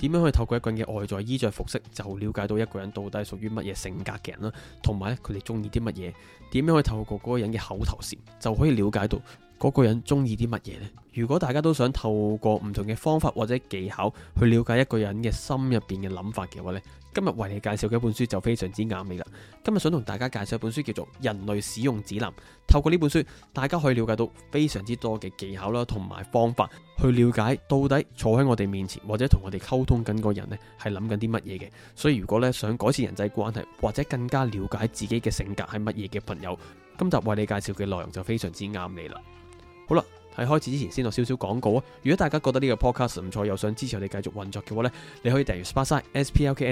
點樣可以透過一個人嘅外在衣着、服飾，就了解到一個人到底屬於乜嘢性格嘅人啦？同埋佢哋中意啲乜嘢？點樣可以透過嗰個人嘅口頭禪，就可以了解到嗰個人中意啲乜嘢呢？如果大家都想透過唔同嘅方法或者技巧去了解一個人嘅心入邊嘅諗法嘅話呢，今日為你介紹嘅一本書就非常之啱你啦！今日想同大家介紹一本書叫做《人類使用指南》，透過呢本書，大家可以了解到非常之多嘅技巧啦，同埋方法去了解到底坐喺我哋面前或者同我哋溝通緊個人呢係諗緊啲乜嘢嘅。所以如果咧想改善人際關係或者更加了解自己嘅性格係乜嘢嘅朋友，今集為你介紹嘅內容就非常之啱你啦。好啦。喺開始之前先落少少廣告啊、哦！如果大家覺得呢個 podcast 唔錯，又想支持我哋繼續運作嘅話呢，你可以訂閱 SPLKSE,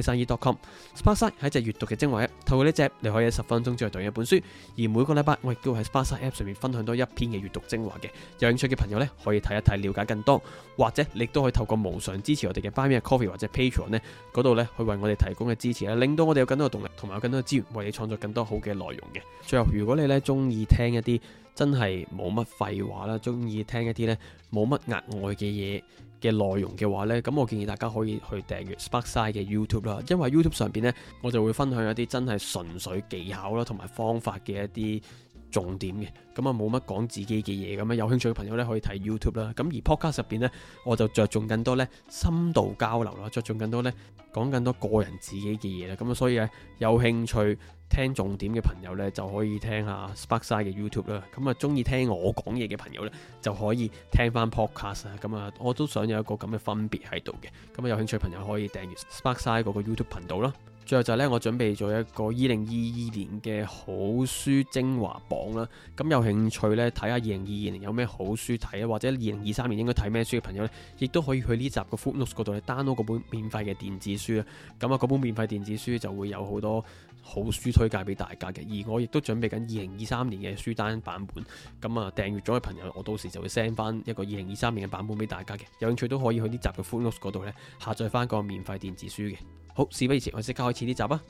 SPLKSE.com、SPLKSE 係隻閱讀嘅精華 app 咧。透過呢隻你可以喺十分鐘之內讀完一本書。而每個禮拜我亦都會喺 SPLKSE App 上面分享多一篇嘅閱讀精華嘅。有興趣嘅朋友呢，可以睇一睇，了解更多。或者你都可以透過無償支持我哋嘅 Buy Me a Coffee 或者 Patreon，呢嗰度呢，去為我哋提供嘅支持啦，令到我哋有更多嘅動力，同埋有更多嘅資源為你創作更多好嘅內容嘅。最後，如果你呢，中意聽一啲。真係冇乜廢話啦！中意聽一啲呢冇乜額外嘅嘢嘅內容嘅話呢。咁我建議大家可以去訂閱 Sparkside 嘅 YouTube 啦，因為 YouTube 上邊呢，我就會分享一啲真係純粹技巧啦，同埋方法嘅一啲重點嘅，咁啊冇乜講自己嘅嘢咁啊。有興趣嘅朋友呢，可以睇 YouTube 啦。咁而 Podcast 入邊呢，我就着重更多咧深度交流啦，着重更多咧講更多個人自己嘅嘢啦。咁所以呢，有興趣。聽重點嘅朋友呢，就可以聽下 Sparkside 嘅 YouTube 啦。咁、嗯、啊，中意聽我講嘢嘅朋友呢，就可以聽翻 podcast 啊。咁、嗯、啊，我都想有一個咁嘅分別喺度嘅。咁、嗯、有興趣朋友可以訂閱 Sparkside 嗰個 YouTube 頻道啦。最後就呢，我準備咗一個二零二二年嘅好書精華榜啦。咁、嗯、有興趣呢，睇下二零二二年有咩好書睇啊，或者二零二三年應該睇咩書嘅朋友呢，亦都可以去呢集嘅 Footnotes 嗰度 download 嗰本免費嘅電子書啊。咁、嗯、啊，嗰本免費電子書就會有好多。好書推介俾大家嘅，而我亦都準備緊二零二三年嘅書單版本，咁啊訂閱咗嘅朋友，我到時就會 send 翻一個二零二三年嘅版本俾大家嘅，有興趣都可以去呢集嘅 Full Notes 嗰度呢，下載翻個免費電子書嘅。好，事不宜遲，我即刻開始呢集啊！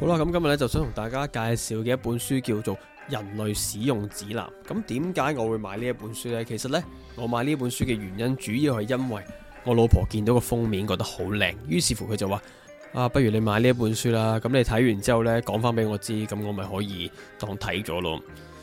好啦，咁今日咧就想同大家介紹嘅一本書叫做《人類使用指南》。咁點解我會買呢一本書呢？其實呢，我買呢本書嘅原因主要係因為我老婆見到個封面覺得好靚，於是乎佢就話：啊，不如你買呢一本書啦。咁你睇完之後呢，講翻俾我知，咁我咪可以當睇咗咯。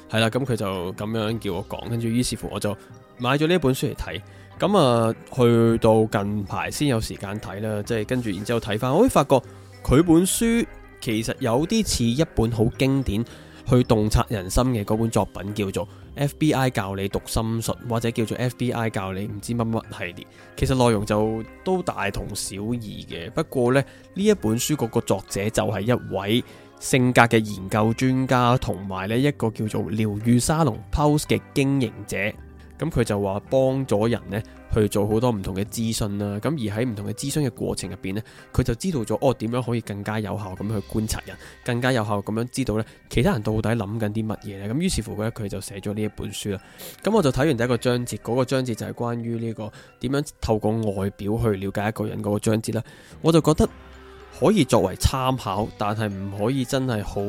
係啦，咁佢就咁樣叫我講，跟住於是乎我就買咗呢本書嚟睇。咁啊，去到近排先有時間睇啦，即係跟住然之後睇翻，我會發覺佢本書。其實有啲似一本好經典，去洞察人心嘅嗰本作品，叫做《FBI 教你讀心術》，或者叫做《FBI 教你唔知乜乜系列》。其實內容就都大同小異嘅。不過呢，呢一本書嗰個作者就係一位性格嘅研究專家，同埋呢一個叫做療愈沙龍 Post 嘅經營者。咁佢就話幫咗人呢去做好多唔同嘅諮詢啦，咁而喺唔同嘅諮詢嘅過程入邊呢，佢就知道咗哦點樣可以更加有效咁去觀察人，更加有效咁樣知道呢其他人到底諗緊啲乜嘢咧，咁於是乎咧佢就寫咗呢一本書啦。咁我就睇完第一個章節，嗰個章節就係關於呢個點樣透過外表去了解一個人嗰個章節啦。我就覺得可以作為參考，但係唔可以真係好。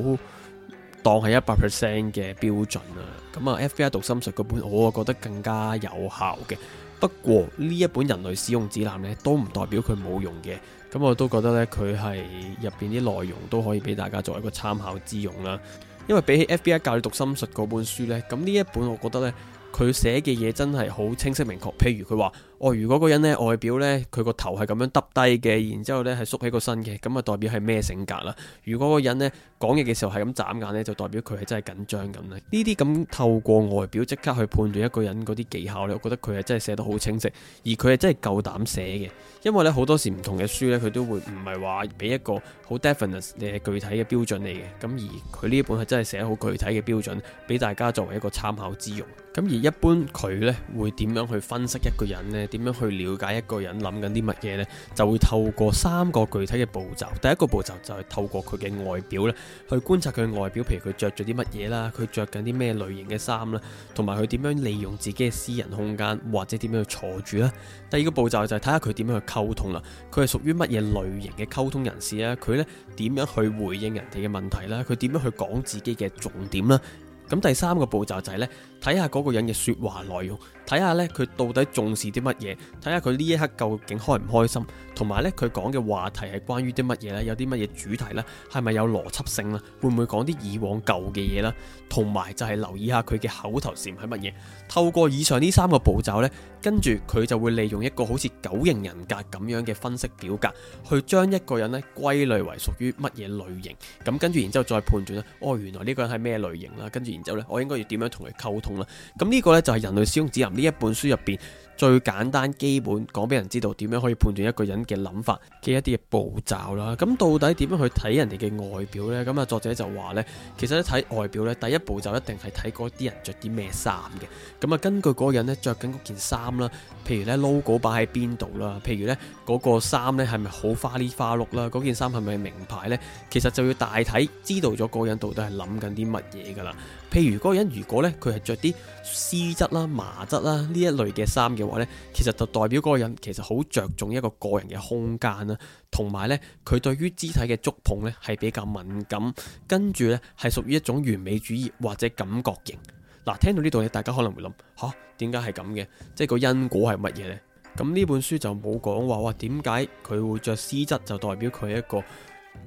當係一百 percent 嘅標準啊。咁啊 FBI 讀心術嗰本我啊覺得更加有效嘅，不過呢一本人類使用指南呢，都唔代表佢冇用嘅，咁我都覺得呢，佢係入邊啲內容都可以俾大家做一個參考之用啦，因為比起 FBI 教你讀心術嗰本書呢，咁呢一本我覺得呢，佢寫嘅嘢真係好清晰明確，譬如佢話。哦，如果嗰人咧外表咧，佢個頭係咁樣耷低嘅，然之後咧係縮起個身嘅，咁啊代表係咩性格啦？如果嗰人咧講嘢嘅時候係咁眨眼咧，就代表佢係真係緊張咁咧。呢啲咁透過外表即刻去判斷一個人嗰啲技巧咧，我覺得佢係真係寫得好清晰，而佢係真係夠膽寫嘅。因為咧好多時唔同嘅書咧，佢都會唔係話俾一個好 definite 具體嘅標準嚟嘅。咁而佢呢一本係真係寫好具體嘅標準，俾大家作為一個參考之用。咁而一般佢咧會點樣去分析一個人呢？點樣去了解一個人諗緊啲乜嘢呢？就會透過三個具體嘅步驟。第一個步驟就係透過佢嘅外表咧，去觀察佢嘅外表，譬如佢着咗啲乜嘢啦，佢着緊啲咩類型嘅衫啦，同埋佢點樣利用自己嘅私人空間或者點樣去坐住啦。第二個步驟就係睇下佢點樣去溝通啦，佢係屬於乜嘢類型嘅溝通人士啊？佢呢點樣去回應人哋嘅問題啦？佢點樣去講自己嘅重點啦？咁第三個步驟就係呢。睇下嗰個人嘅説話內容，睇下咧佢到底重視啲乜嘢，睇下佢呢一刻究竟開唔開心，同埋咧佢講嘅話題係關於啲乜嘢咧？有啲乜嘢主題咧？係咪有邏輯性啦？會唔會講啲以往舊嘅嘢啦？同埋就係留意下佢嘅口頭禪係乜嘢。透過以上呢三個步驟呢，跟住佢就會利用一個好似九型人格咁樣嘅分析表格，去將一個人咧歸類為屬於乜嘢類型。咁跟住然之後再判斷啦。哦，原來呢個人係咩類型啦？跟住然之後呢，我應該要點樣同佢溝通？咁、嗯這個、呢個咧就係、是、人類使用指南》呢一本書入邊。最簡單基本講俾人知道點樣可以判斷一個人嘅諗法嘅一啲步驟啦。咁到底點樣去睇人哋嘅外表呢？咁啊，作者就話呢，其實咧睇外表呢，第一步就一定係睇嗰啲人着啲咩衫嘅。咁啊，根據嗰個人呢，着緊嗰件衫啦，譬如呢 logo 擺喺邊度啦，譬如呢嗰個衫呢，係咪好花里花碌啦，嗰件衫係咪名牌呢？其實就要大體知道咗嗰個人到底係諗緊啲乜嘢㗎喇。譬如嗰個人如果呢，佢係着啲絲質啦、麻質啦呢一類嘅衫嘅。話其實就代表嗰個人其實好着重一個個人嘅空間啦，同埋咧佢對於肢體嘅觸碰咧係比較敏感，跟住咧係屬於一種完美主義或者感覺型。嗱，聽到呢度咧，大家可能會諗吓，點解係咁嘅？即係個因果係乜嘢呢？咁呢本書就冇講話，哇，點解佢會着絲質就代表佢一個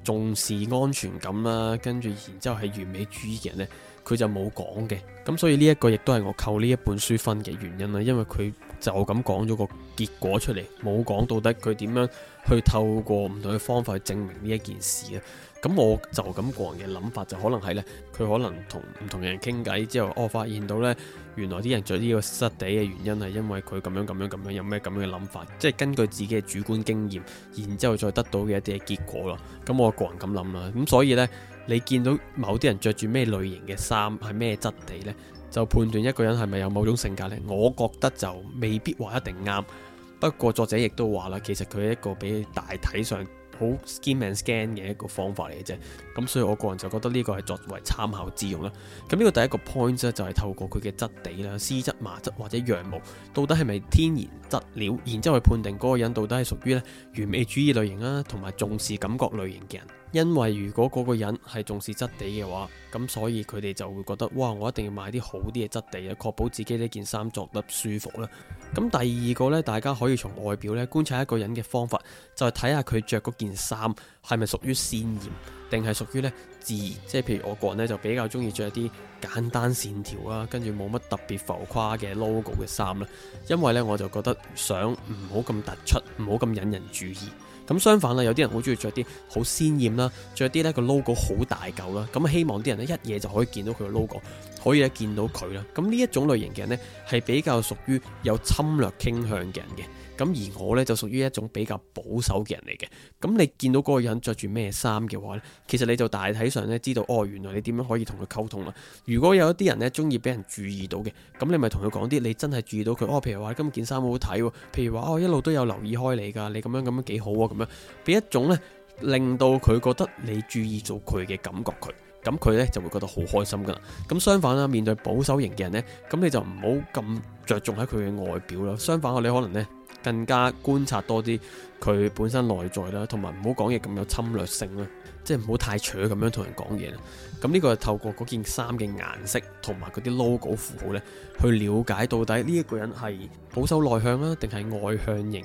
重視安全感啦，跟住然之後係完美主義嘅人咧，佢就冇講嘅。咁所以呢一個亦都係我扣呢一本書分嘅原因啦，因為佢。就咁講咗個結果出嚟，冇講到底佢點樣去透過唔同嘅方法去證明呢一件事啊。咁我就咁個人嘅諗法就可能係呢，佢可能同唔同人傾偈之後，我發現到呢，原來啲人着呢個質地嘅原因係因為佢咁樣咁樣咁樣，有咩咁樣嘅諗法，即係根據自己嘅主觀經驗，然之後再得到嘅一啲嘅結果咯。咁我個人咁諗啦。咁所以呢，你見到某啲人着住咩類型嘅衫，係咩質地呢，就判斷一個人係咪有某種性格呢，我覺得就未必話一定啱。不過作者亦都話啦，其實佢係一個比大體上好 skim and scan 嘅一個方法嚟嘅啫。咁所以我個人就覺得呢個係作為參考之用啦。咁呢個第一個 point 呢，就係透過佢嘅質地啦、絲質、麻質或者羊毛，到底係咪天然質料，然之後去判定嗰個人到底係屬於咧完美主義類型啦，同埋重視感覺類型嘅人。因為如果嗰個人係重視質地嘅話，咁所以佢哋就會覺得，哇！我一定要買啲好啲嘅質地啊，確保自己呢件衫着得舒服啦。咁第二個呢，大家可以從外表呢觀察一個人嘅方法，就係睇下佢着嗰件衫。係咪屬於鮮豔，定係屬於呢，自然？即係譬如我個人呢，就比較中意着一啲簡單線條啦、啊，跟住冇乜特別浮誇嘅 logo 嘅衫啦。因為呢，我就覺得想唔好咁突出，唔好咁引人注意。咁相反咧，有啲人好中意着啲好鮮豔啦，着啲呢個 logo 好大嚿啦。咁希望啲人呢一嘢就可以見到佢個 logo，可以一見到佢啦。咁呢一種類型嘅人呢，係比較屬於有侵略傾向嘅人嘅。咁而我呢，就屬於一種比較保守嘅人嚟嘅。咁你見到嗰個人着住咩衫嘅話呢，其實你就大體上呢知道哦，原來你點樣可以同佢溝通啦。如果有一啲人呢，中意俾人注意到嘅，咁你咪同佢講啲你真係注意到佢哦，譬如話今件衫好好睇，哦，譬如話哦我一路都有留意開你噶，你咁樣咁樣幾好啊，咁樣俾一種呢，令到佢覺得你注意到佢嘅感覺佢。咁佢呢就會覺得好開心噶啦。咁相反啦、啊，面對保守型嘅人呢，咁你就唔好咁着重喺佢嘅外表啦。相反啊，你可能呢更加觀察多啲佢本身內在啦，同埋唔好講嘢咁有侵略性啦，即係唔好太鋤咁樣同人講嘢啦。咁呢個係透過嗰件衫嘅顏色同埋嗰啲 logo 符號呢，去了解到底呢一個人係保守內向啦，定係外向型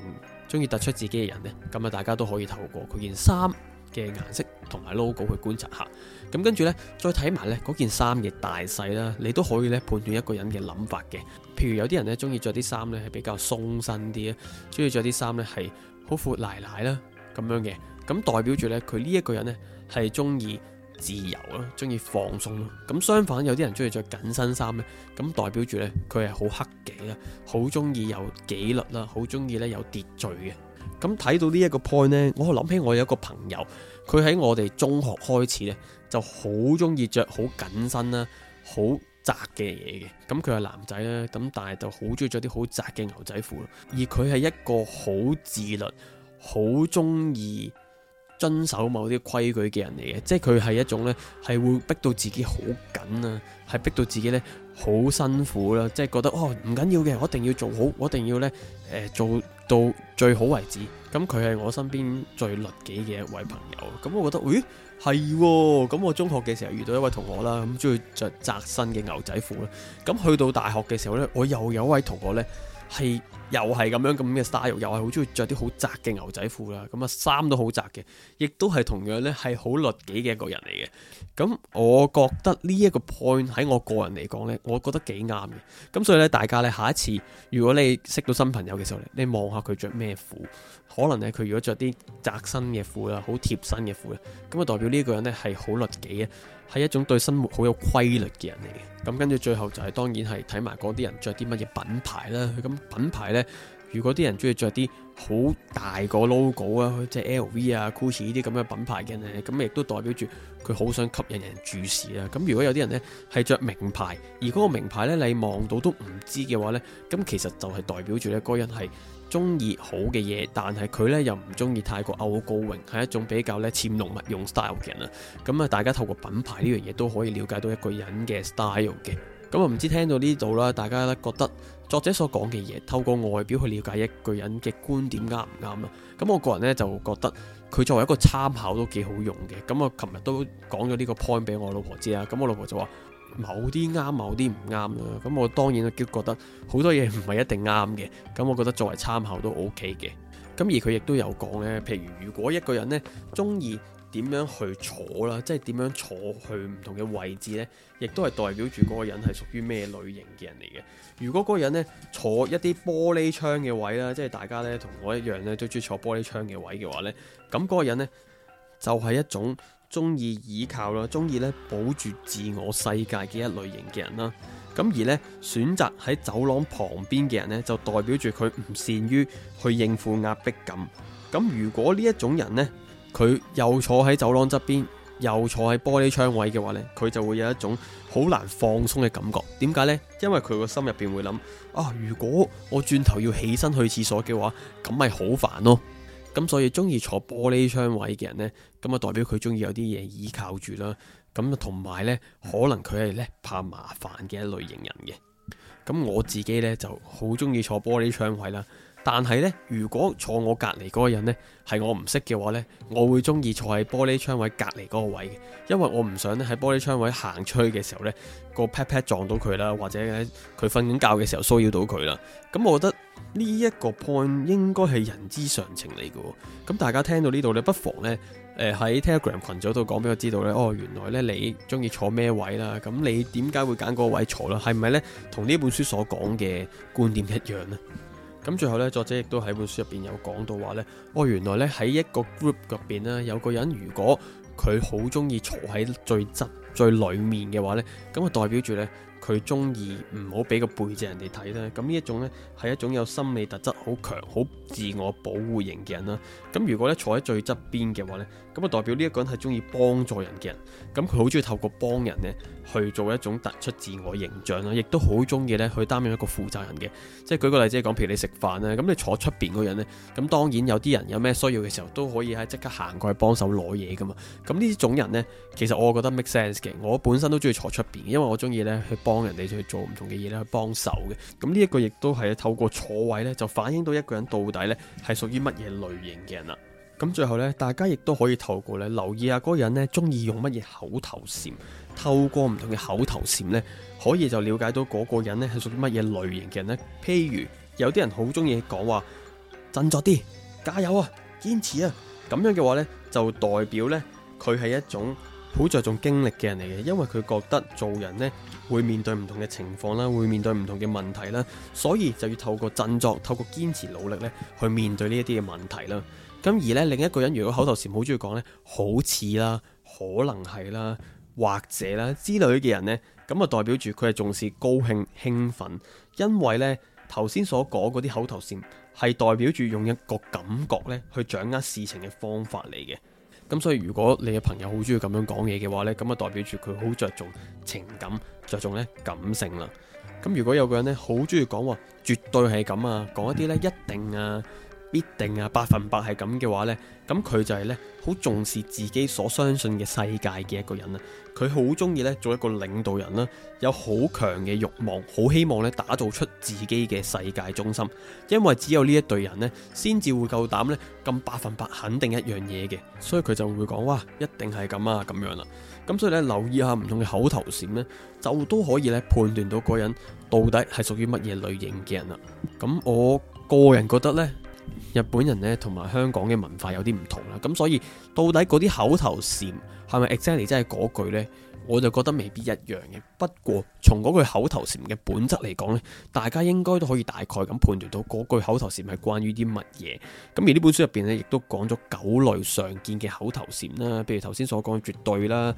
中意突出自己嘅人呢。咁啊，大家都可以透過佢件衫嘅顏色，同埋 logo 去觀察下，咁跟住呢，再睇埋呢嗰件衫嘅大細啦，你都可以咧判斷一個人嘅諗法嘅。譬如有啲人呢中意着啲衫呢係比較鬆身啲啦，中意着啲衫呢係好闊奶奶啦咁樣嘅，咁、嗯、代表住呢，佢呢一個人呢係中意自由啦，中意放鬆啦。咁、嗯、相反有啲人中意、嗯、着緊身衫呢，咁代表住呢，佢係好克己啦，好中意有紀律啦，好中意咧有秩序嘅。咁睇到呢一個 point 呢，我諗起我有一個朋友，佢喺我哋中學開始呢就好中意着好緊身啦、好窄嘅嘢嘅。咁佢係男仔啦，咁但係就好中意着啲好窄嘅牛仔褲。而佢係一個好自律、好中意遵守某啲規矩嘅人嚟嘅，即係佢係一種呢，係會逼到自己好緊啊，係逼到自己呢，好辛苦啦，即係覺得哦唔緊要嘅，我一定要做好，我一定要呢，誒、呃、做到最好為止。咁佢係我身邊最律己嘅一位朋友。咁我覺得，咦係喎。咁、哦、我中學嘅時候遇到一位同學啦，咁中意着窄身嘅牛仔褲啦。咁去到大學嘅時候呢，我又有一位同學呢。係又係咁樣咁嘅 style，又係好中意着啲好窄嘅牛仔褲啦。咁啊，衫都好窄嘅，亦都係同樣咧係好律己嘅一個人嚟嘅。咁我覺得呢一個 point 喺我個人嚟講呢，我覺得幾啱嘅。咁所以呢，大家咧下一次如果你識到新朋友嘅時候咧，你望下佢着咩褲？可能咧佢如果着啲窄身嘅褲啦，好貼身嘅褲啦，咁啊代表呢個人呢係好律己啊。係一種對生活好有規律嘅人嚟嘅，咁跟住最後就係、是、當然係睇埋嗰啲人着啲乜嘢品牌啦。咁品牌呢，如果啲人中意着啲好大個 logo 啊，即係 LV 啊、GUCCI 呢啲咁嘅品牌嘅人呢，咁亦都代表住佢好想吸引人注視啦、啊。咁如果有啲人呢係着名牌，而嗰個名牌呢，你望到都唔知嘅話呢，咁其實就係代表住呢個人係。中意好嘅嘢，但係佢咧又唔中意太過傲高榮，係一種比較咧潛龍勿用 style 嘅人啊。咁、嗯、啊，大家透過品牌呢樣嘢都可以了解到一個人嘅 style 嘅。咁、嗯、啊，唔知聽到呢度啦，大家咧覺得作者所講嘅嘢，透過外表去了解一個人嘅觀點啱唔啱啦？咁、嗯、我個人咧就覺得佢作為一個參考都幾好用嘅。咁、嗯、我琴日都講咗呢個 point 俾我老婆知啊。咁、嗯、我老婆就話。某啲啱，某啲唔啱啦。咁我當然啊，覺得好多嘢唔係一定啱嘅。咁我覺得作為參考都 OK 嘅。咁而佢亦都有講咧，譬如如果一個人呢中意點樣去坐啦，即係點樣坐去唔同嘅位置呢，亦都係代表住嗰個人係屬於咩類型嘅人嚟嘅。如果嗰個人呢坐一啲玻璃窗嘅位啦，即係大家呢同我一樣呢都中意坐玻璃窗嘅位嘅話呢，咁嗰個人呢就係一種。中意倚靠咯，中意咧保住自我世界嘅一類型嘅人啦。咁而咧選擇喺走廊旁邊嘅人咧，就代表住佢唔善於去應付壓迫感。咁如果呢一種人咧，佢又坐喺走廊側邊，又坐喺玻璃窗位嘅話咧，佢就會有一種好難放鬆嘅感覺。點解呢？因為佢個心入邊會諗：啊，如果我轉頭要起身去廁所嘅話，咁咪好煩咯。咁所以中意坐玻璃窗位嘅人呢，咁啊代表佢中意有啲嘢依靠住啦。咁同埋呢，可能佢係呢怕麻煩嘅一類型人嘅。咁我自己呢，就好中意坐玻璃窗位啦。但係呢，如果坐我隔離嗰個人呢，係我唔識嘅話呢，我會中意坐喺玻璃窗位隔離嗰個位嘅，因為我唔想喺玻璃窗位行出去嘅時候呢，個 pat pat 撞到佢啦，或者佢瞓緊覺嘅時候騷擾到佢啦。咁我覺得。呢一個 point 應該係人之常情嚟㗎，咁大家聽到呢度咧，不妨咧，誒、呃、喺 Telegram 群組度講俾我知道咧，哦，原來咧你中意坐咩位啦？咁你點解會揀嗰位坐咧？係咪咧同呢本書所講嘅觀點一樣呢？咁最後咧，作者亦都喺本書入邊有講到話咧，哦，原來咧喺一個 group 入邊咧，有個人如果佢好中意坐喺最側最裡面嘅話咧，咁啊代表住咧。佢中意唔好俾個背脊人哋睇啦。咁呢一種呢，係一種有心理特質好強、好自我保護型嘅人啦。咁如果咧坐喺最側邊嘅話呢，咁就代表呢一個人係中意幫助人嘅人。咁佢好中意透過幫人呢去做一種突出自我形象啦，亦都好中意呢去擔任一個負責人嘅。即係舉個例子嚟講，譬如你食飯咧，咁你坐出邊嗰人呢，咁當然有啲人有咩需要嘅時候都可以喺即刻行過去幫手攞嘢㗎嘛。咁呢種人呢，其實我覺得 make sense 嘅。我本身都中意坐出邊，因為我中意呢去幫。幫人哋去做唔同嘅嘢咧，去幫手嘅。咁呢一個亦都係透過坐位咧，就反映到一個人到底咧係屬於乜嘢類型嘅人啦。咁最後咧，大家亦都可以透過咧留意下嗰個人咧中意用乜嘢口頭禪。透過唔同嘅口頭禪咧，可以就了解到嗰個人咧係屬於乜嘢類型嘅人咧。譬如有啲人好中意講話，振作啲，加油啊，堅持啊。咁樣嘅話咧，就代表咧佢係一種。好着重經歷嘅人嚟嘅，因為佢覺得做人呢會面對唔同嘅情況啦，會面對唔同嘅問題啦，所以就要透過振作、透過堅持努力呢去面對呢一啲嘅問題啦。咁而呢，另一個人，如果口頭禪好鍾意講呢，好似啦、可能係啦、或者啦之類嘅人呢，咁啊代表住佢係重視高興、興奮，因為呢頭先所講嗰啲口頭禪係代表住用一個感覺呢去掌握事情嘅方法嚟嘅。咁所以如果你嘅朋友好中意咁樣講嘢嘅話呢，咁啊代表住佢好着重情感，着重呢感性啦。咁如果有個人呢好中意講話，絕對係咁啊，講一啲呢一定啊。一定啊，百分百係咁嘅話呢，咁佢就係呢，好重視自己所相信嘅世界嘅一個人啊。佢好中意呢，做一個領導人啦，有好強嘅慾望，好希望呢打造出自己嘅世界中心。因為只有呢一隊人呢，先至會夠膽呢，咁百分百肯定一樣嘢嘅，所以佢就會講：「哇，一定係咁啊，咁樣啦。」咁所以呢，留意下唔同嘅口頭禪呢，就都可以呢判斷到個人到底係屬於乜嘢類型嘅人啦。咁我個人覺得呢。日本人咧同埋香港嘅文化有啲唔同啦，咁所以到底嗰啲口頭禪係咪 exactly 真係嗰句呢？我就覺得未必一樣嘅。不過從嗰句口頭禪嘅本質嚟講呢，大家應該都可以大概咁判斷到嗰句口頭禪係關於啲乜嘢。咁而呢本書入邊呢，亦都講咗九類常見嘅口頭禪啦，譬如頭先所講絕對啦。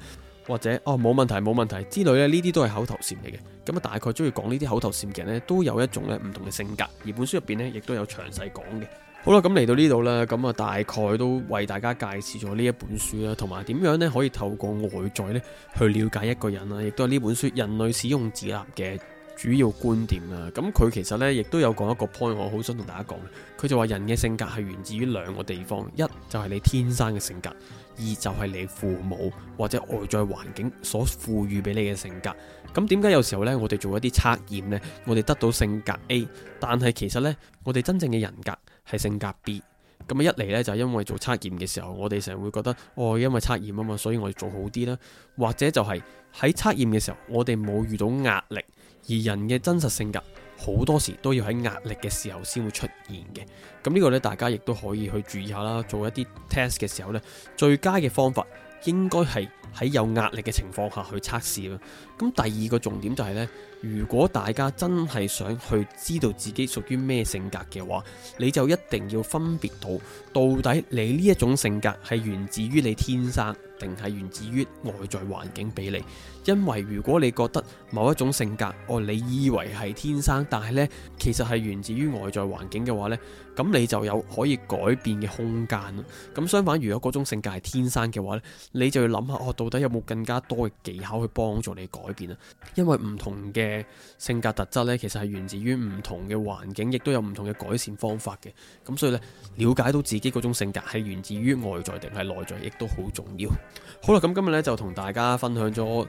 或者哦，冇問題冇問題之類咧，呢啲都係口頭禪嚟嘅。咁啊，大概中意講呢啲口頭禪嘅人咧，都有一種咧，唔同嘅性格，而本書入邊咧亦都有詳細講嘅。好啦，咁嚟到呢度啦，咁啊，大概都為大家介紹咗呢一本書啦，同埋點樣咧可以透過外在咧去了解一個人啊，亦都係呢本書《人類使用指南》嘅主要觀點啦，咁佢其實呢亦都有講一個 point，我好想同大家講。佢就話人嘅性格係源自於兩個地方，一就係你天生嘅性格，二就係你父母或者外在環境所賦予俾你嘅性格。咁點解有時候呢？我哋做一啲測驗呢，我哋得到性格 A，但係其實呢，我哋真正嘅人格係性格 B。咁啊，一嚟呢，就係因為做測驗嘅時候，我哋成日會覺得哦，因為測驗啊嘛，所以我哋做好啲啦，或者就係喺測驗嘅時候，我哋冇遇到壓力。而人嘅真實性格好多時都要喺壓力嘅時候先會出現嘅，咁、這、呢個呢，大家亦都可以去注意下啦。做一啲 test 嘅時候呢，最佳嘅方法應該係。喺有壓力嘅情況下去測試啦。咁第二個重點就係呢：如果大家真係想去知道自己屬於咩性格嘅話，你就一定要分別到到底你呢一種性格係源自於你天生，定係源自於外在環境俾你。因為如果你覺得某一種性格，哦，你以為係天生，但係呢其實係源自於外在環境嘅話呢，咁你就有可以改變嘅空間啦。咁相反，如果嗰種性格係天生嘅話呢，你就要諗下，到底有冇更加多嘅技巧去幫助你改變啊？因為唔同嘅性格特質呢，其實係源自於唔同嘅環境，亦都有唔同嘅改善方法嘅。咁所以呢，了解到自己嗰種性格係源自於外在定係內在，亦都好重要。好啦，咁今日呢，就同大家分享咗。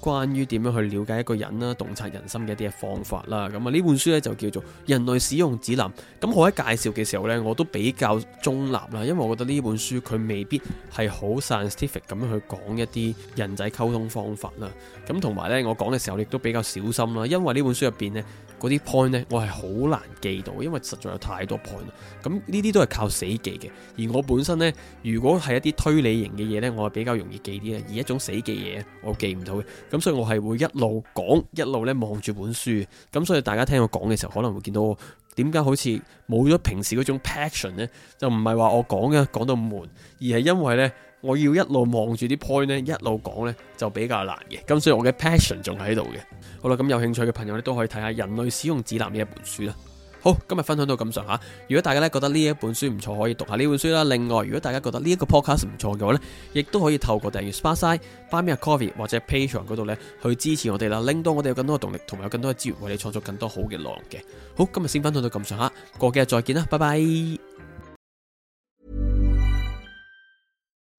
關於點樣去了解一個人啦、洞察人心嘅一啲嘅方法啦，咁啊呢本書咧就叫做《人類使用指南》。咁我喺介紹嘅時候呢，我都比較中立啦，因為我覺得呢本書佢未必係好 scientific 咁樣去講一啲人際溝通方法啦。咁同埋呢，我講嘅時候亦都比較小心啦，因為呢本書入邊呢。嗰啲 point 呢，我係好難記到，因為實在有太多 point 啦。咁呢啲都係靠死記嘅，而我本身呢，如果係一啲推理型嘅嘢呢，我係比較容易記啲嘅，而一種死記嘢，我記唔到嘅。咁所以我係會一路講，一路咧望住本書。咁所以大家聽我講嘅時候，可能會見到我點解好似冇咗平時嗰種 passion 呢，就唔係話我講嘅講到悶，而係因為呢。我要一路望住啲 point 呢，一路講呢，就比較難嘅。咁所以我嘅 passion 仲喺度嘅。好啦，咁有興趣嘅朋友咧都可以睇下《人類使用指南》呢一本書啦。好，今日分享到咁上下。如果大家呢覺得呢一本書唔錯，可以讀下呢本書啦。另外，如果大家覺得呢一個 podcast 唔錯嘅話呢，亦都可以透過訂閱 Sparkside、Buy Me a Coffee 或者 Patreon 嗰度呢，去支持我哋啦，令到我哋有更多嘅動力同埋有更多嘅資源為你創作更多好嘅內容嘅。好，今日先分享到咁上下，過幾日再見啦，拜拜。